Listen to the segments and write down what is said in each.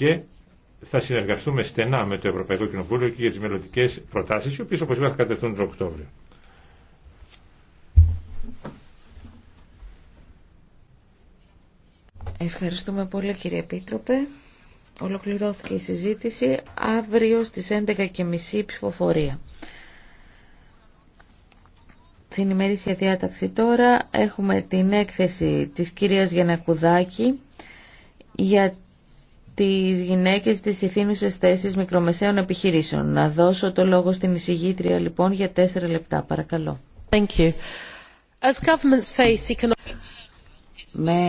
και θα συνεργαστούμε στενά με το Ευρωπαϊκό Κοινοβούλιο και για τι μελλοντικέ προτάσει οι οποίες όπως είπα θα κατευθούν τον Οκτώβριο. Ευχαριστούμε πολύ κύριε Επίτροπε. Ολοκληρώθηκε η συζήτηση αύριο στις 11.30 ψηφοφορία. Στην ημερήσια διάταξη τώρα έχουμε την έκθεση της κυρίας Γιανακουδάκη για τις γυναίκες της ηθήνουσες θέσεις μικρομεσαίων επιχειρήσεων. Να δώσω το λόγο στην εισηγήτρια λοιπόν για τέσσερα λεπτά. Παρακαλώ. Thank you. As governments face economic... Με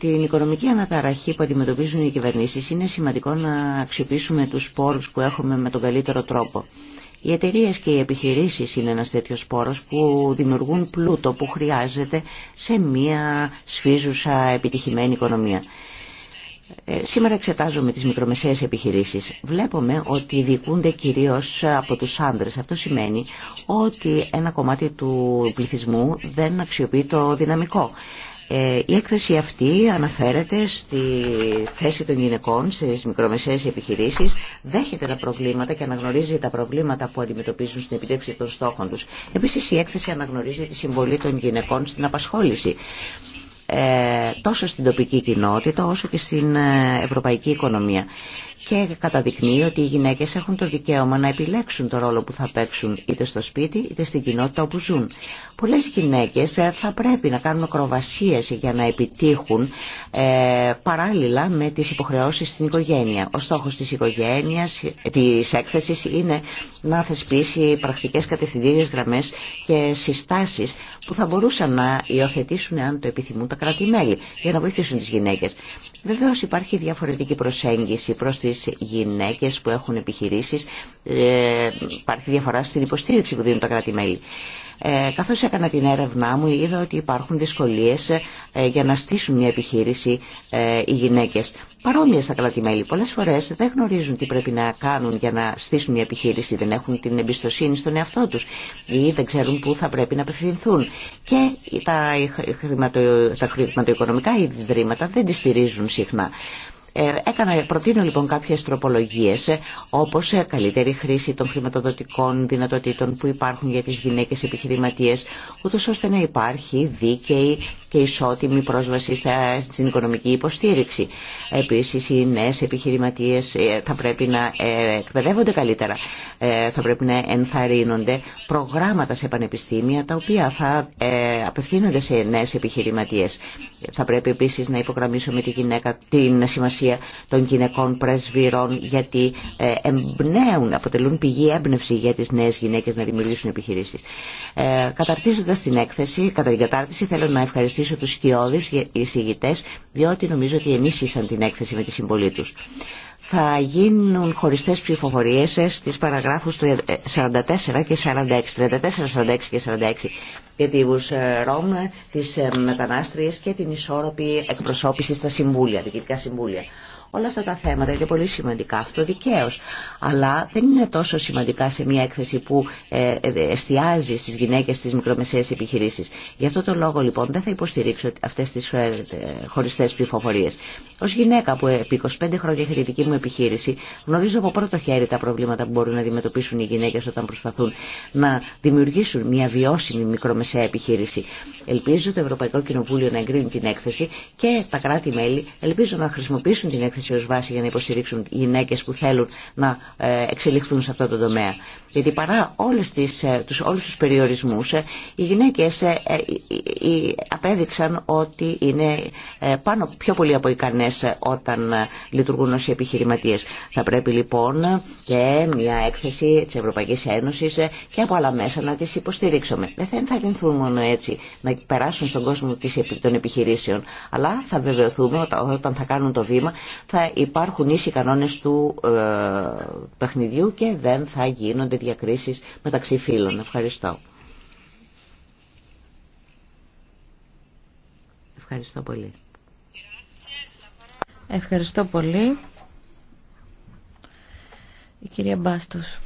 την οικονομική αναταραχή που αντιμετωπίζουν οι κυβερνήσεις είναι σημαντικό να αξιοποιήσουμε τους πόρους που έχουμε με τον καλύτερο τρόπο. Οι εταιρείε και οι επιχειρήσει είναι ένα τέτοιο πόρο που δημιουργούν πλούτο που χρειάζεται σε μια σφίζουσα επιτυχημένη οικονομία. Ε, σήμερα εξετάζουμε τις μικρομεσαίες επιχειρήσεις. Βλέπουμε ότι δικούνται κυρίως από τους άνδρες. Αυτό σημαίνει ότι ένα κομμάτι του πληθυσμού δεν αξιοποιεί το δυναμικό. Ε, η έκθεση αυτή αναφέρεται στη θέση των γυναικών στις μικρομεσαίες επιχειρήσεις, δέχεται τα προβλήματα και αναγνωρίζει τα προβλήματα που αντιμετωπίζουν στην επιτέψη των στόχων τους. Επίσης η έκθεση αναγνωρίζει τη συμβολή των γυναικών στην απασχόληση. Ε, τόσο στην τοπική κοινότητα όσο και στην ε, ευρωπαϊκή οικονομία και καταδεικνύει ότι οι γυναίκες έχουν το δικαίωμα να επιλέξουν το ρόλο που θα παίξουν είτε στο σπίτι είτε στην κοινότητα όπου ζουν. Πολλές γυναίκες ε, θα πρέπει να κάνουν ακροβασίες για να επιτύχουν ε, παράλληλα με τις υποχρεώσεις στην οικογένεια. Ο στόχος της οικογένειας, της έκθεσης είναι να θεσπίσει πρακτικές κατευθυντήριες γραμμές και συστάσεις που θα μπορούσαν να υιοθετήσουν αν το επιθυμούν τα κράτη-μέλη για να βοηθήσουν τις γυναίκες. Βεβαίως υπάρχει διαφορετική προσέγγιση προς τη στις γυναίκες που έχουν επιχειρήσεις. Ε, υπάρχει διαφορά στην υποστήριξη που δίνουν τα κράτη-μέλη. Ε, καθώς έκανα την έρευνά μου είδα ότι υπάρχουν δυσκολίες ε, για να στήσουν μια επιχείρηση οι γυναίκες. Παρόμοια στα κράτη-μέλη. Πολλές φορές δεν γνωρίζουν τι πρέπει να κάνουν για να στήσουν μια επιχείρηση. Δεν έχουν την εμπιστοσύνη στον εαυτό τους ή δεν ξέρουν πού θα πρέπει να απευθυνθούν. Και τα χρηματοοικονομικά ιδρύματα δεν τις στηρίζουν συχνά. Ε, έκανα, προτείνω λοιπόν κάποιε τροπολογίε ε, όπω ε, καλύτερη χρήση των χρηματοδοτικών δυνατοτήτων που υπάρχουν για τι γυναίκε επιχειρηματίε, ούτω ώστε να υπάρχει δίκαιη και ισότιμη πρόσβαση στην οικονομική υποστήριξη. Επίση, οι νέε επιχειρηματίε θα πρέπει να εκπαιδεύονται καλύτερα, θα πρέπει να ενθαρρύνονται προγράμματα σε πανεπιστήμια τα οποία θα απευθύνονται σε νέε επιχειρηματίε. Θα πρέπει επίσης να υπογραμμίσουμε τη γυναίκα την σημασία εργασία των γυναικών πρεσβυρών γιατί ε, εμπνέουν, αποτελούν πηγή έμπνευση για τις νέες γυναίκες να δημιουργήσουν επιχειρήσεις. Ε, καταρτίζοντας την έκθεση, κατά την κατάρτιση θέλω να ευχαριστήσω τους σκιώδεις εισηγητές διότι νομίζω ότι ενίσχυσαν την έκθεση με τη συμβολή τους θα γίνουν χωριστές ψηφοφορίε ε, στις παραγράφους 44 ε, και 46, 34, 46 και 46 για τους ε, Ρώμ, τι μετανάστριε και την ισόρροπη εκπροσώπηση στα συμβούλια, διοικητικά συμβούλια. Όλα αυτά τα θέματα είναι πολύ σημαντικά, αυτό δικαίω, Αλλά δεν είναι τόσο σημαντικά σε μια έκθεση που ε, ε, εστιάζει στις γυναίκες στις μικρομεσαίες επιχειρήσεις. Γι' αυτό το λόγο λοιπόν δεν θα υποστηρίξω αυτές τις ε, χωριστές ψηφοφορίες. Ως γυναίκα που επί 25 χρόνια είχα τη δική μου επιχείρηση, γνωρίζω από πρώτο χέρι τα προβλήματα που μπορούν να αντιμετωπίσουν οι γυναίκες όταν προσπαθούν να δημιουργήσουν μια βιώσιμη μικρομεσαία επιχείρηση. Ελπίζω το Ευρωπαϊκό Κοινοβούλιο να εγκρίνει την έκθεση και τα κράτη-μέλη ελπίζω να χρησιμοποιήσουν την έκθεση έκθεση ως βάση για να υποστηρίξουν γυναίκες που θέλουν να ε, εξελιχθούν σε αυτό το τομέα. Γιατί παρά όλες τις, ε, τους, όλους τους περιορισμούς, ε, οι γυναίκες απέδειξαν ότι είναι πάνω πιο πολύ από ικανές όταν λειτουργούν ως επιχειρηματίες. Θα πρέπει λοιπόν και μια έκθεση της Ευρωπαϊκής Ένωσης και από άλλα μέσα να τις υποστηρίξουμε. Δεν θα ενθαρρυνθούν μόνο έτσι να περάσουν στον κόσμο των επιχειρήσεων, αλλά θα βεβαιωθούμε όταν θα κάνουν το βήμα θα υπάρχουν ίσοι κανόνες του ε, παιχνιδιού και δεν θα γίνονται διακρίσεις μεταξύ φίλων. Ευχαριστώ. Ευχαριστώ πολύ. Ευχαριστώ πολύ. Η κυρία Μπάστος.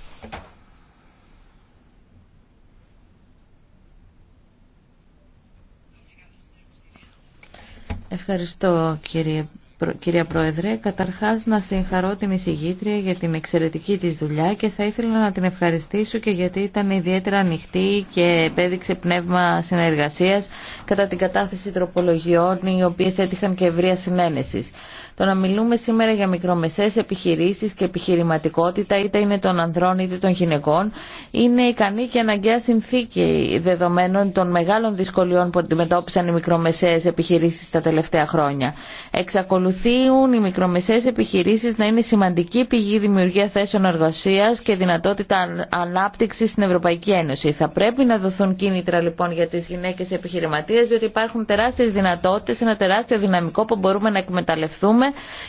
Ευχαριστώ κύριε κυρία Πρόεδρε. Καταρχάς να συγχαρώ την εισηγήτρια για την εξαιρετική της δουλειά και θα ήθελα να την ευχαριστήσω και γιατί ήταν ιδιαίτερα ανοιχτή και επέδειξε πνεύμα συνεργασίας κατά την κατάθεση τροπολογιών οι οποίες έτυχαν και ευρεία συνένεσης. Το να μιλούμε σήμερα για μικρομεσαίες επιχειρήσεις και επιχειρηματικότητα, είτε είναι των ανδρών είτε των γυναικών, είναι ικανή και αναγκαία συνθήκη δεδομένων των μεγάλων δυσκολιών που αντιμετώπισαν οι μικρομεσαίες επιχειρήσεις τα τελευταία χρόνια. Εξακολουθούν οι μικρομεσαίες επιχειρήσεις να είναι σημαντική πηγή δημιουργία θέσεων εργασία και δυνατότητα ανάπτυξη στην Ευρωπαϊκή Ένωση. Θα πρέπει να δοθούν κίνητρα λοιπόν για τι γυναίκε επιχειρηματίε, διότι υπάρχουν τεράστιε δυνατότητε, ένα τεράστιο δυναμικό που μπορούμε να εκμεταλλευτούμε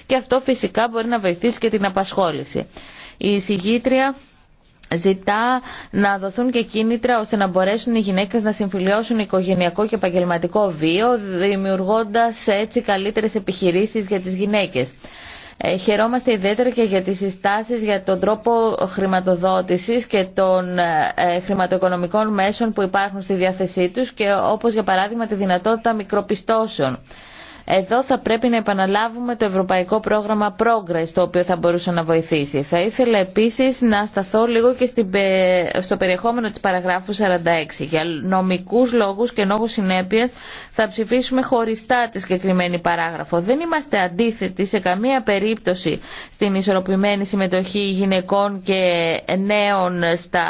και αυτό φυσικά μπορεί να βοηθήσει και την απασχόληση. Η εισηγήτρια ζητά να δοθούν και κίνητρα ώστε να μπορέσουν οι γυναίκες να συμφιλιώσουν οικογενειακό και επαγγελματικό βίο, δημιουργώντας έτσι καλύτερες επιχειρήσεις για τις γυναίκες. Ε, χαιρόμαστε ιδιαίτερα και για τις συστάσεις για τον τρόπο χρηματοδότησης και των ε, χρηματοοικονομικών μέσων που υπάρχουν στη διάθεσή τους και όπως για παράδειγμα τη δυνατότητα μικροπιστώσεων. Εδώ θα πρέπει να επαναλάβουμε το ευρωπαϊκό πρόγραμμα Progress, το οποίο θα μπορούσε να βοηθήσει. Θα ήθελα επίσης να σταθώ λίγο και στο περιεχόμενο της παραγράφου 46. Για νομικούς λόγους και λόγους συνέπειας θα ψηφίσουμε χωριστά τη συγκεκριμένη παράγραφο. Δεν είμαστε αντίθετοι σε καμία περίπτωση στην ισορροπημένη συμμετοχή γυναικών και νέων στα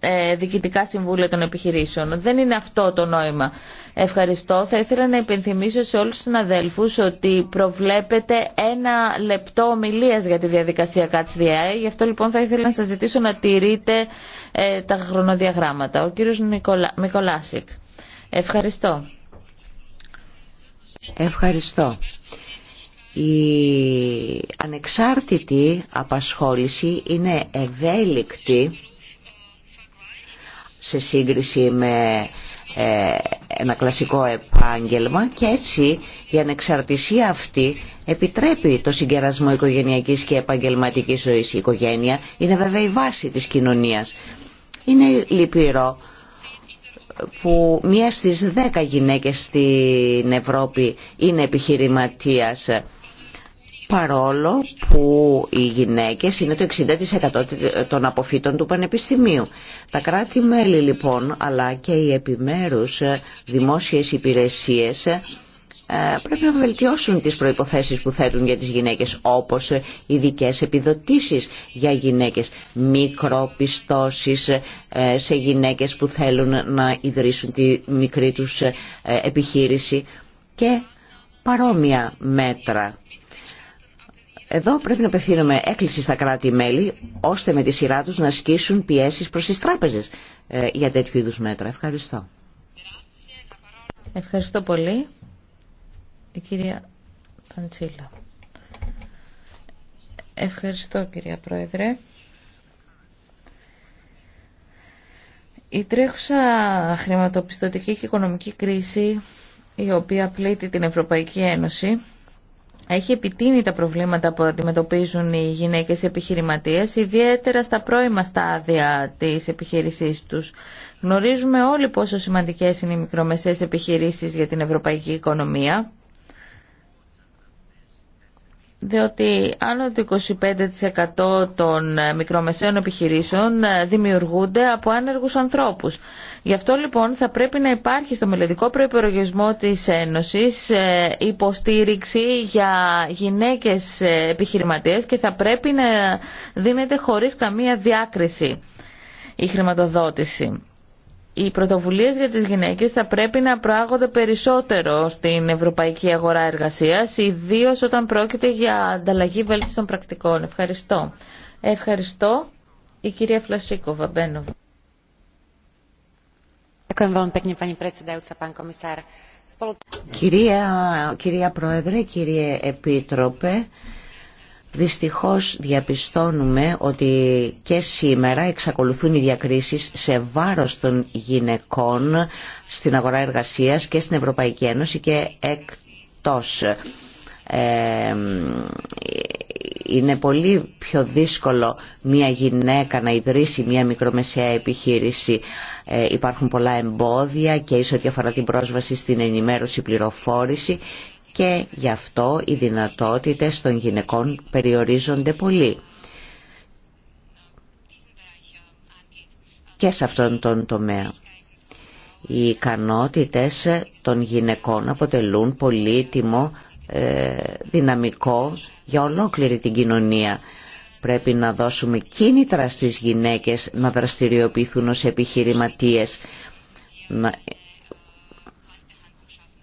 ε, διοικητικά συμβούλια των επιχειρήσεων. Δεν είναι αυτό το νόημα. Ευχαριστώ. Θα ήθελα να υπενθυμίσω σε όλους τους αδέλφους ότι προβλέπεται ένα λεπτό ομιλίας για τη διαδικασια κατς ΚΑΤΣ-ΔΙΑΕ. Γι' αυτό λοιπόν θα ήθελα να σας ζητήσω να τηρείτε ε, τα χρονοδιαγράμματα. Ο κύριος Νικολα... Μικολάσικ. Ευχαριστώ. Ευχαριστώ. Η ανεξάρτητη απασχόληση είναι ευέλικτη σε σύγκριση με ε, ένα κλασικό επάγγελμα και έτσι η ανεξαρτησία αυτή επιτρέπει το συγκερασμό οικογενειακής και επαγγελματικής ζωής. Η οικογένεια είναι βέβαια η βάση της κοινωνίας. Είναι λυπηρό που μία στις δέκα γυναίκες στην Ευρώπη είναι επιχειρηματίας παρόλο που οι γυναίκες είναι το 60% των αποφύτων του Πανεπιστημίου. Τα κράτη-μέλη λοιπόν, αλλά και οι επιμέρους ε, δημόσιες υπηρεσίες ε, πρέπει να βελτιώσουν τις προϋποθέσεις που θέτουν για τις γυναίκες όπως ε, ειδικέ επιδοτήσεις για γυναίκες, μικροπιστώσεις σε γυναίκες που θέλουν να ιδρύσουν τη μικρή τους επιχείρηση και παρόμοια μέτρα εδώ πρέπει να απευθύνουμε έκκληση στα κράτη-μέλη, ώστε με τη σειρά τους να ασκήσουν πιέσεις προς τις τράπεζες ε, για τέτοιου είδους μέτρα. Ευχαριστώ. Ευχαριστώ πολύ. Η κυρία Παντσίλα. Ευχαριστώ κυρία Πρόεδρε. Η τρέχουσα χρηματοπιστωτική και οικονομική κρίση η οποία πλήττει την Ευρωπαϊκή Ένωση έχει επιτείνει τα προβλήματα που αντιμετωπίζουν οι γυναίκες επιχειρηματίες, ιδιαίτερα στα πρώιμα στάδια της επιχείρησής τους. Γνωρίζουμε όλοι πόσο σημαντικές είναι οι μικρομεσαίες επιχειρήσεις για την ευρωπαϊκή οικονομία διότι άνω το 25% των ε, μικρομεσαίων επιχειρήσεων ε, δημιουργούνται από άνεργους ανθρώπους. Γι' αυτό λοιπόν θα πρέπει να υπάρχει στο μελλοντικό προϋπολογισμό της Ένωσης ε, υποστήριξη για γυναίκες επιχειρηματίες και θα πρέπει να δίνεται χωρίς καμία διάκριση η χρηματοδότηση οι πρωτοβουλίες για τις γυναίκες θα πρέπει να προάγονται περισσότερο στην ευρωπαϊκή αγορά εργασίας, ιδίως όταν πρόκειται για ανταλλαγή βέλτιστων πρακτικών. Ευχαριστώ. Ευχαριστώ. Η κυρία Φλασίκοβα μπαίνω. Κυρία, κυρία Πρόεδρε, κύριε Επίτροπε, Δυστυχώς διαπιστώνουμε ότι και σήμερα εξακολουθούν οι διακρίσεις σε βάρος των γυναικών στην αγορά εργασίας και στην Ευρωπαϊκή Ένωση και εκτός. Ε, είναι πολύ πιο δύσκολο μια γυναίκα να ιδρύσει μια μικρομεσαία επιχείρηση. Ε, υπάρχουν πολλά εμπόδια και ίσως ό,τι αφορά την πρόσβαση στην ενημέρωση πληροφόρηση και γι' αυτό οι δυνατότητες των γυναικών περιορίζονται πολύ. Και σε αυτόν τον τομέα. Οι ικανότητες των γυναικών αποτελούν πολύτιμο ε, δυναμικό για ολόκληρη την κοινωνία. Πρέπει να δώσουμε κίνητρα στις γυναίκες να δραστηριοποιηθούν ως επιχειρηματίες,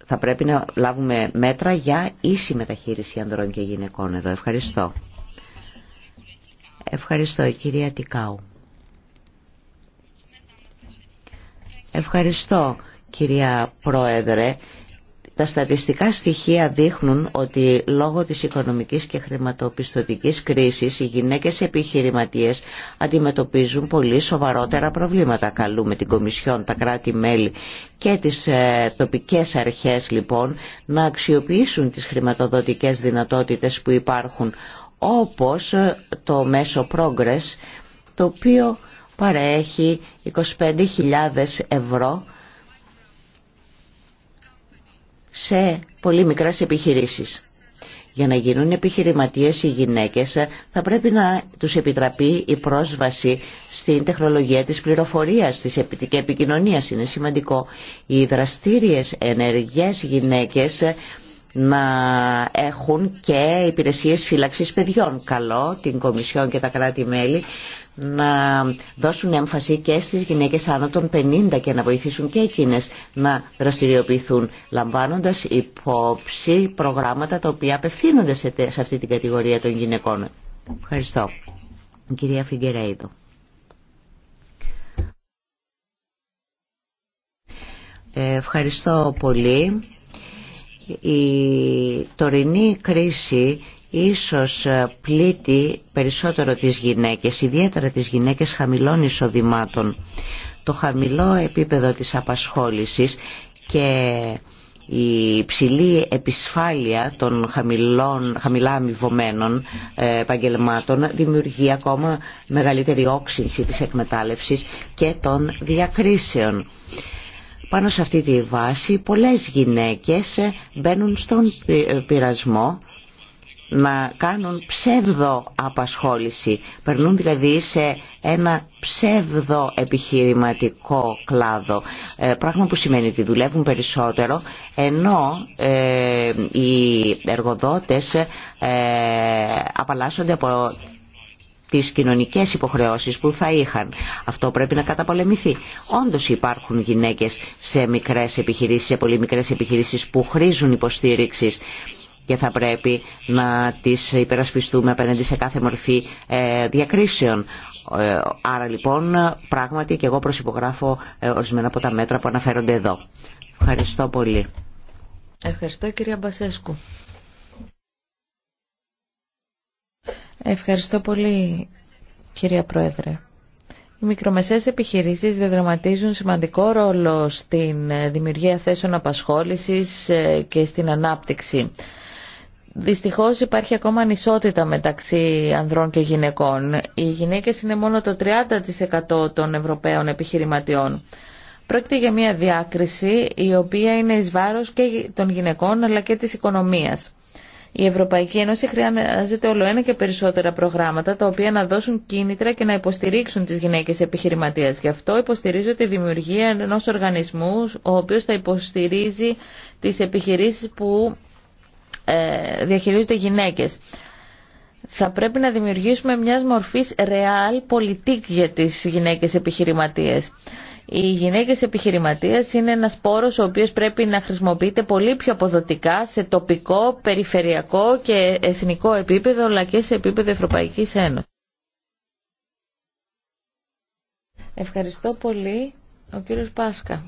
θα πρέπει να λάβουμε μέτρα για ίση μεταχείριση ανδρών και γυναικών εδώ. Ευχαριστώ. Ευχαριστώ, κυρία Τικάου. Ευχαριστώ, κυρία Πρόεδρε. Τα στατιστικά στοιχεία δείχνουν ότι λόγω της οικονομικής και χρηματοπιστωτικής κρίσης οι γυναίκες επιχειρηματίες αντιμετωπίζουν πολύ σοβαρότερα προβλήματα. Καλούμε την Κομισιόν, τα κράτη-μέλη και τις ε, τοπικές αρχές λοιπόν να αξιοποιήσουν τις χρηματοδοτικές δυνατότητες που υπάρχουν όπως ε, το μέσο Progress το οποίο παρέχει 25.000 ευρώ σε πολύ μικρές επιχειρήσεις. Για να γίνουν επιχειρηματίες οι γυναίκες θα πρέπει να τους επιτραπεί η πρόσβαση στην τεχνολογία της πληροφορίας, της επικοινωνίας. Είναι σημαντικό οι δραστήριες ενεργές γυναίκες να έχουν και υπηρεσίες φύλαξης παιδιών. Καλό την Κομισιόν και τα κράτη-μέλη να δώσουν έμφαση και στις γυναίκες άνω των 50 και να βοηθήσουν και εκείνες να δραστηριοποιηθούν λαμβάνοντας υπόψη προγράμματα τα οποία απευθύνονται σε αυτή την κατηγορία των γυναικών. Ευχαριστώ. Κυρία Φιγκερέιδο. Ευχαριστώ πολύ. Η τωρινή κρίση ίσως ε, πλήττει περισσότερο τις γυναίκες, ιδιαίτερα τις γυναίκες χαμηλών εισοδημάτων. Το χαμηλό επίπεδο της απασχόλησης και η ψηλή επισφάλεια των χαμηλών, χαμηλά αμοιβωμένων ε, επαγγελμάτων δημιουργεί ακόμα μεγαλύτερη όξυνση της εκμετάλλευσης και των διακρίσεων. Πάνω σε αυτή τη βάση πολλές γυναίκες ε, μπαίνουν στον πειρασμό να κάνουν ψεύδο απασχόληση. Περνούν δηλαδή σε ένα ψεύδο επιχειρηματικό κλάδο. Ε, πράγμα που σημαίνει ότι δουλεύουν περισσότερο ενώ ε, οι εργοδότες ε, απαλλάσσονται από τις κοινωνικές υποχρεώσεις που θα είχαν. Αυτό πρέπει να καταπολεμηθεί. Όντως υπάρχουν γυναίκες σε μικρές επιχειρήσεις, σε πολύ μικρές επιχειρήσεις που χρήζουν υποστήριξης και θα πρέπει να τις υπερασπιστούμε απέναντι σε κάθε μορφή ε, διακρίσεων. Ε, άρα λοιπόν πράγματι και εγώ προσυπογράφω ε, ορισμένα από τα μέτρα που αναφέρονται εδώ. Ευχαριστώ πολύ. Ευχαριστώ κυρία Μπασέσκου. Ευχαριστώ πολύ κυρία Πρόεδρε. Οι μικρομεσαίες επιχειρήσεις διαδραματίζουν σημαντικό ρόλο στην δημιουργία θέσεων απασχόλησης και στην ανάπτυξη. Δυστυχώς υπάρχει ακόμα ανισότητα μεταξύ ανδρών και γυναικών. Οι γυναίκες είναι μόνο το 30% των Ευρωπαίων επιχειρηματιών. Πρόκειται για μια διάκριση η οποία είναι εις βάρος και των γυναικών αλλά και της οικονομίας. Η Ευρωπαϊκή Ένωση χρειάζεται όλο ένα και περισσότερα προγράμματα τα οποία να δώσουν κίνητρα και να υποστηρίξουν τις γυναίκες επιχειρηματίες. Γι' αυτό υποστηρίζω τη δημιουργία ενός οργανισμού ο οποίος θα υποστηρίζει τις επιχειρήσεις που ε, διαχειρίζονται γυναίκες. Θα πρέπει να δημιουργήσουμε μιας μορφής ρεάλ πολιτική για τις γυναίκες επιχειρηματίες. Οι γυναίκες επιχειρηματίες είναι ένας πόρος ο οποίος πρέπει να χρησιμοποιείται πολύ πιο αποδοτικά σε τοπικό, περιφερειακό και εθνικό επίπεδο αλλά και σε επίπεδο Ευρωπαϊκής Ένωσης. Ευχαριστώ πολύ. Ο κύριος Πάσκα.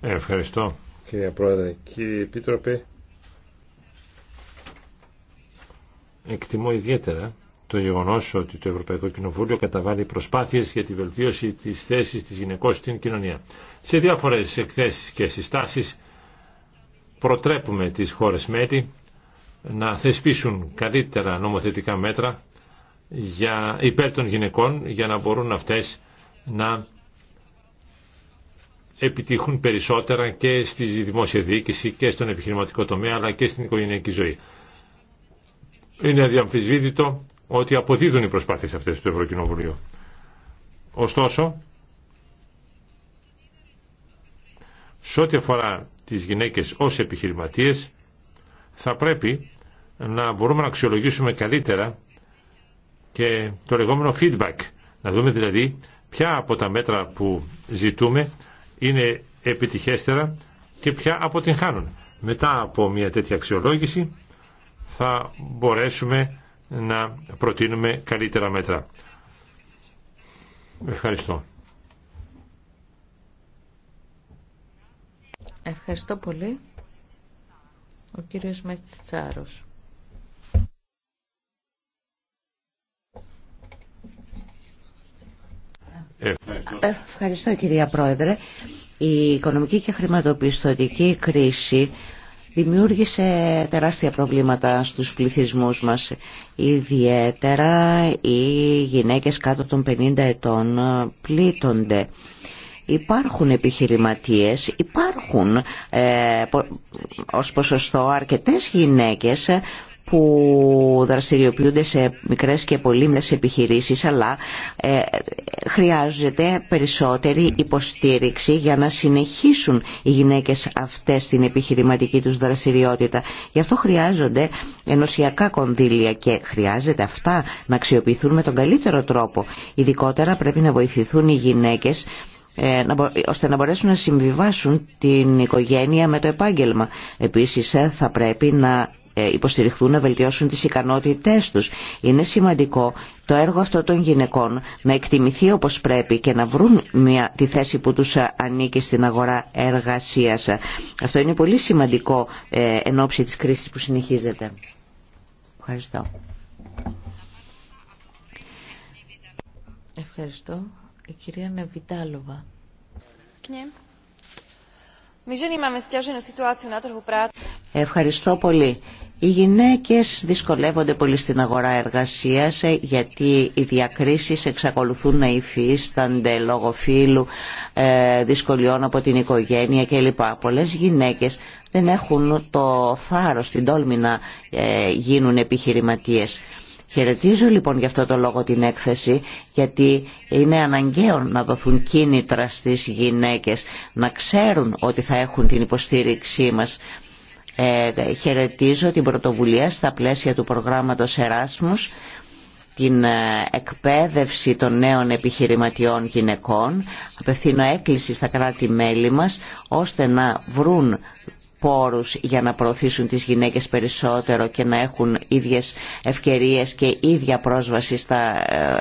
Ευχαριστώ κύριε Πρόεδρε. Κύριε Επίτροπε, εκτιμώ ιδιαίτερα το γεγονός ότι το Ευρωπαϊκό Κοινοβούλιο καταβάλει προσπάθειες για τη βελτίωση της θέσης της γυναικός στην κοινωνία. Σε διάφορες εκθέσει και συστάσει. προτρέπουμε τις χώρες μέλη να θεσπίσουν καλύτερα νομοθετικά μέτρα για, υπέρ των γυναικών για να μπορούν αυτές να επιτύχουν περισσότερα και στη δημόσια διοίκηση και στον επιχειρηματικό τομέα αλλά και στην οικογενειακή ζωή. Είναι αδιαμφισβήτητο ότι αποδίδουν οι προσπάθειες αυτές του Ευρωκοινοβουλίου. Ωστόσο, σε ό,τι αφορά τις γυναίκες ως επιχειρηματίες, θα πρέπει να μπορούμε να αξιολογήσουμε καλύτερα και το λεγόμενο feedback. Να δούμε δηλαδή ποια από τα μέτρα που ζητούμε είναι επιτυχέστερα και πια αποτυγχάνουν. Μετά από μια τέτοια αξιολόγηση θα μπορέσουμε να προτείνουμε καλύτερα μέτρα. Ευχαριστώ. Ευχαριστώ πολύ. Ο κύριος Τσάρος. Ε, ευχαριστώ κυρία Πρόεδρε. Η οικονομική και χρηματοπιστωτική κρίση δημιούργησε τεράστια προβλήματα στους πληθυσμούς μας. Ιδιαίτερα οι γυναίκες κάτω των 50 ετών πλήττονται. Υπάρχουν επιχειρηματίες, υπάρχουν ε, ως ποσοστό αρκετές γυναίκες που δραστηριοποιούνται σε μικρές και πολύμνες επιχειρήσεις αλλά ε, χρειάζεται περισσότερη υποστήριξη για να συνεχίσουν οι γυναίκες αυτές την επιχειρηματική τους δραστηριότητα. Γι' αυτό χρειάζονται ενωσιακά κονδύλια και χρειάζεται αυτά να αξιοποιηθούν με τον καλύτερο τρόπο. Ειδικότερα πρέπει να βοηθηθούν οι γυναίκες ε, ώστε να μπορέσουν να συμβιβάσουν την οικογένεια με το επάγγελμα. Επίσης ε, θα πρέπει να ε, υποστηριχθούν να βελτιώσουν τις ικανότητές τους. Είναι σημαντικό το έργο αυτό των γυναικών να εκτιμηθεί όπως πρέπει και να βρουν μια, τη θέση που τους ε, ανήκει στην αγορά εργασίας. Αυτό είναι πολύ σημαντικό ε, εν ώψη της κρίσης που συνεχίζεται. Ευχαριστώ. Ευχαριστώ. Η κυρία Νεβιτάλοβα. Ναι. Ευχαριστώ πολύ. Οι γυναίκες δυσκολεύονται πολύ στην αγορά εργασίας ε, γιατί οι διακρίσεις εξακολουθούν να υφίστανται λόγω φύλου, ε, δυσκολιών από την οικογένεια κλπ. Πολλές γυναίκες δεν έχουν το θάρρος, την τόλμη να ε, γίνουν επιχειρηματίες. Χαιρετίζω λοιπόν γι' αυτό το λόγο την έκθεση γιατί είναι αναγκαίο να δοθούν κίνητρα στις γυναίκες να ξέρουν ότι θα έχουν την υποστήριξή μας ε, χαιρετίζω την πρωτοβουλία στα πλαίσια του προγράμματος Εράσμους την ε, εκπαίδευση των νέων επιχειρηματιών γυναικών. Απευθύνω έκκληση στα κράτη-μέλη μας ώστε να βρουν πόρους για να προωθήσουν τις γυναίκες περισσότερο και να έχουν ίδιες ευκαιρίες και ίδια πρόσβαση στα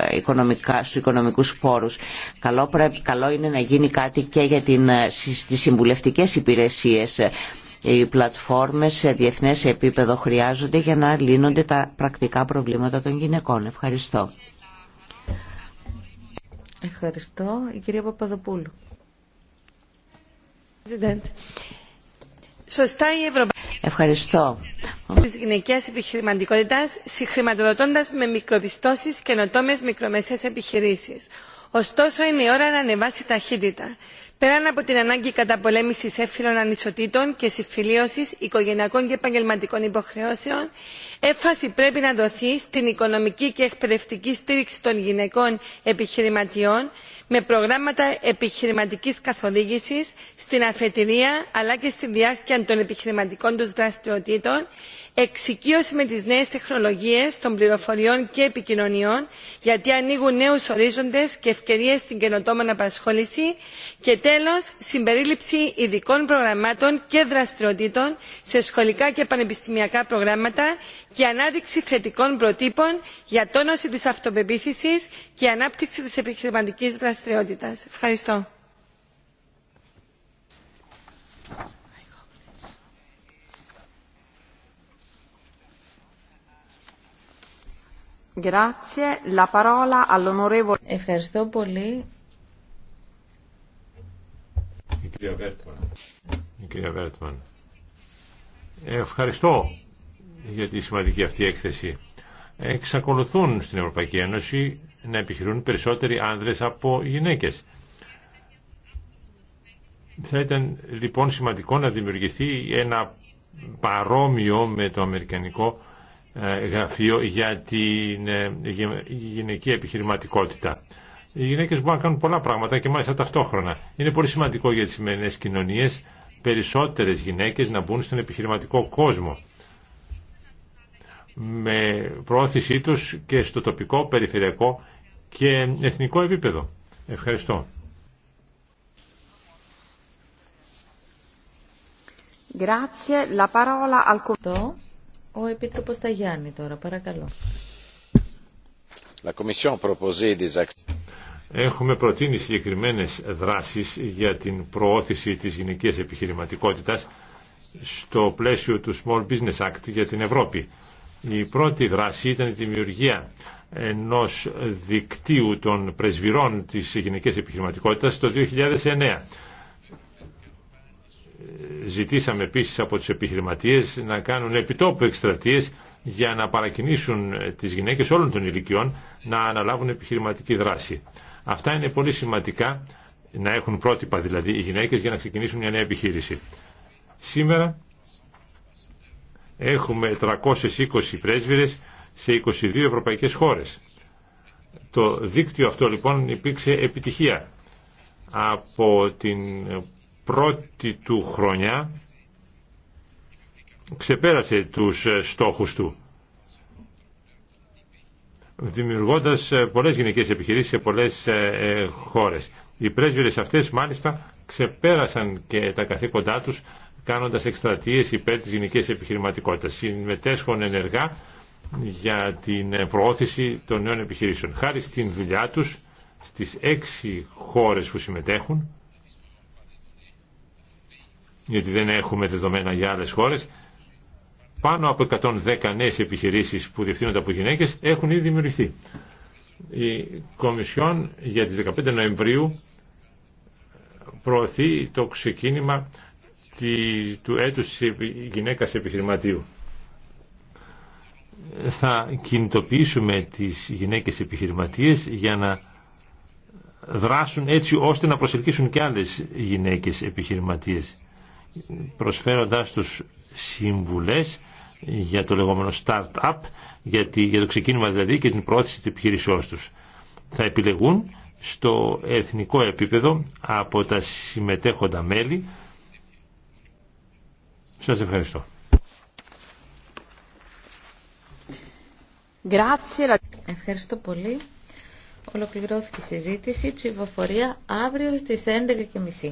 ε, οικονομικά, στους οικονομικούς πόρους. Καλό, είναι να γίνει κάτι και για την, ε, στις συμβουλευτικές υπηρεσίες οι πλατφόρμες σε διεθνές επίπεδο χρειάζονται για να λύνονται τα πρακτικά προβλήματα των γυναικών. Ευχαριστώ. Ευχαριστώ. Η κυρία Παπαδοπούλου. Σωστά η Ευρωπαϊκή. Ευχαριστώ. Τη γυναικεία επιχειρηματικότητα συγχρηματοδοτώντα με μικροπιστώσει καινοτόμε μικρομεσαίε επιχειρήσει. Ωστόσο, είναι η ώρα να ανεβάσει ταχύτητα πέραν από την ανάγκη καταπολέμησης έφυλων ανισοτήτων και συμφιλίωση οικογενειακών και επαγγελματικών υποχρεώσεων έμφαση πρέπει να δοθεί στην οικονομική και εκπαιδευτική στήριξη των γυναικών επιχειρηματιών με προγράμματα επιχειρηματική καθοδήγησης στην αφετηρία αλλά και στη διάρκεια των επιχειρηματικών τους δραστηριοτήτων εξοικείωση με τι νέε τεχνολογίε των πληροφοριών και επικοινωνιών γιατί ανοίγουν νέου ορίζοντε και ευκαιρίε στην καινοτόμα απασχόληση και τέλο συμπερίληψη ειδικών προγραμμάτων και δραστηριοτήτων σε σχολικά και πανεπιστημιακά προγράμματα και ανάδειξη θετικών προτύπων για τόνωση τη αυτοπεποίθηση και ανάπτυξη τη επιχειρηματική δραστηριότητα. Ευχαριστώ. Ευχαριστώ πολύ. Ε, ευχαριστώ για τη σημαντική αυτή έκθεση. Εξακολουθούν στην Ευρωπαϊκή Ένωση να επιχειρούν περισσότεροι άνδρες από γυναίκες. Θα ήταν λοιπόν σημαντικό να δημιουργηθεί ένα παρόμοιο με το αμερικανικό ε, γραφείο για την ε, γυναική επιχειρηματικότητα. Οι γυναίκες μπορούν να κάνουν πολλά πράγματα και μάλιστα ταυτόχρονα. Είναι πολύ σημαντικό για τις σημερινές κοινωνίες περισσότερες γυναίκες να μπουν στον επιχειρηματικό κόσμο με προώθησή τους και στο τοπικό, περιφερειακό και εθνικό επίπεδο. Ευχαριστώ. Grazie. La parola al ο Επίτροπος Ταγιάννη τώρα, παρακαλώ. Έχουμε προτείνει συγκεκριμένες δράσεις για την προώθηση της γυναικείας επιχειρηματικότητας στο πλαίσιο του Small Business Act για την Ευρώπη. Η πρώτη δράση ήταν η δημιουργία ενός δικτύου των πρεσβυρών της γυναικείας επιχειρηματικότητας το 2009. Ζητήσαμε επίσης από τους επιχειρηματίες να κάνουν επιτόπου εκστρατείες για να παρακινήσουν τις γυναίκες όλων των ηλικιών να αναλάβουν επιχειρηματική δράση. Αυτά είναι πολύ σημαντικά, να έχουν πρότυπα δηλαδή οι γυναίκες για να ξεκινήσουν μια νέα επιχείρηση. Σήμερα έχουμε 320 πρέσβυρες σε 22 ευρωπαϊκές χώρες. Το δίκτυο αυτό λοιπόν υπήρξε επιτυχία από την πρώτη του χρονιά ξεπέρασε τους στόχους του δημιουργώντας πολλές γυναικές επιχειρήσεις σε πολλές ε, ε, χώρες. Οι πρέσβυρες αυτές μάλιστα ξεπέρασαν και τα καθήκοντά τους κάνοντας εκστρατείες υπέρ της γυναικής επιχειρηματικότητας. Συμμετέσχουν ενεργά για την προώθηση των νέων επιχειρήσεων. Χάρη στην δουλειά τους στις έξι χώρες που συμμετέχουν γιατί δεν έχουμε δεδομένα για άλλες χώρες, πάνω από 110 νέες επιχειρήσεις που διευθύνονται από γυναίκες έχουν ήδη δημιουργηθεί. Η Κομισιόν για τις 15 Νοεμβρίου προωθεί το ξεκίνημα του έτους της γυναίκας επιχειρηματίου. Θα κινητοποιήσουμε τις γυναίκες επιχειρηματίες για να δράσουν έτσι ώστε να προσελκύσουν και άλλες γυναίκες επιχειρηματίες προσφέροντάς τους συμβουλές για το λεγόμενο start-up, για το ξεκίνημα δηλαδή και την πρόθεση της επιχειρήσεώς τους. Θα επιλεγούν στο εθνικό επίπεδο από τα συμμετέχοντα μέλη. Σας ευχαριστώ. Ευχαριστώ πολύ. Ολοκληρώθηκε η συζήτηση. Ψηφοφορία αύριο στις 11.30.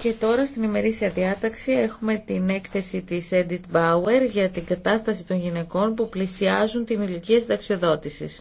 Και τώρα στην ημερήσια διάταξη έχουμε την έκθεση της Edith Bauer για την κατάσταση των γυναικών που πλησιάζουν την ηλικία συνταξιοδότησης.